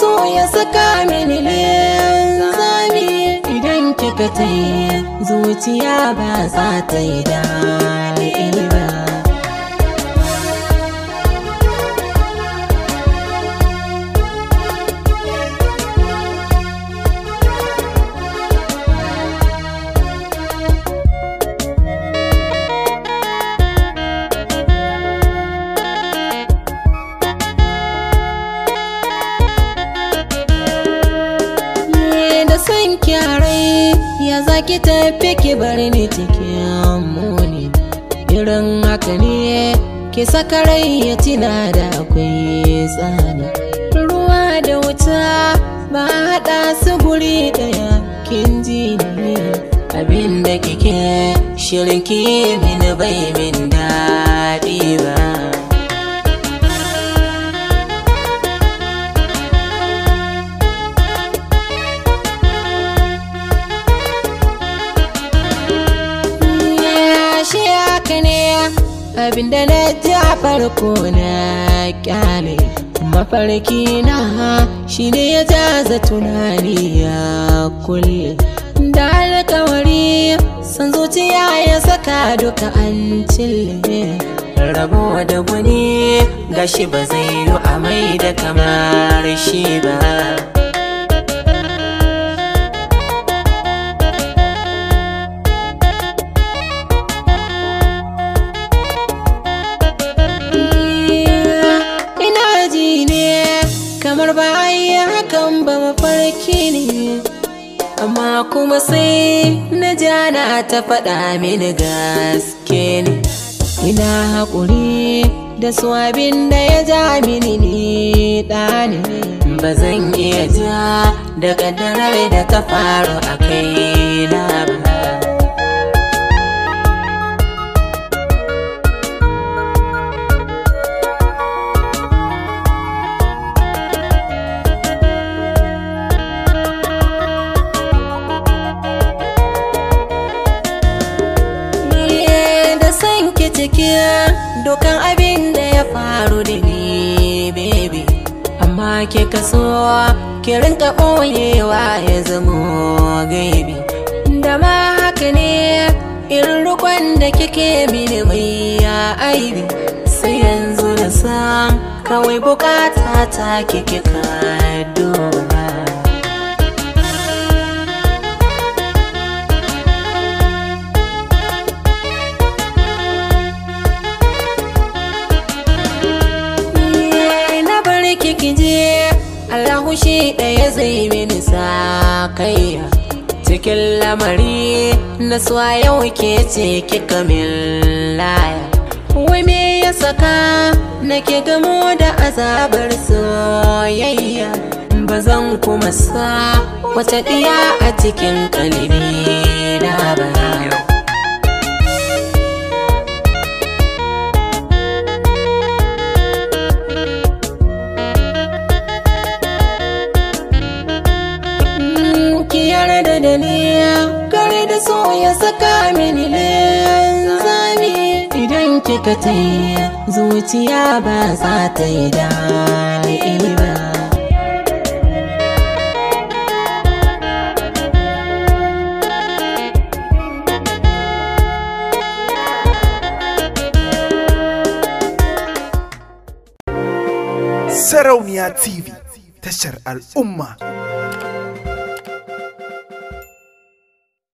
so ya saka mini zami idan kika tai zuciya ba za ta yi da ba son kyarai ya zaki tafi ki bar ni cikin muni irin haka ne ki saka rai ya tina da akwai tsani ruwa da wuta ba haɗa su guri ɗaya kin ji ne abin da kike shirin ki mini bai min daɗi abinda na ji a farko na kyale mafarki na ha shi ne ya jaza tunani ya kulle da alkawari san zuciya ya saka duka an cille rabuwa da wani gashi ba zai yi mai da kamar shi ba ki ne amma kuma sai na jana ta faɗa mini gaske ne ina haƙuri da su abin da ya ja mini ni ɗani ba zan iya ja da ƙaddarar da ta faru a kai nake ciki dukan abin da ya faru da ni baby amma ke kasuwa ki rinka boyewa ya zama gaibi da ma haka ne irin rukon da kike mini mai ya aibi sai yanzu na san kawai bukata ta kike ka haushi ɗaya zai mini sa kaiya cikin lamari na yau ke ce ki kamin laya wai ya saka nake gamo da azabar soyayya ba zan kuma sa wata ɗiya a cikin kalibi na ba tare da daliya kare da so ya saka mini linzami idan kika taya zuciya ba za ta yi daɗi ba Sarauniya TV tashar al'umma.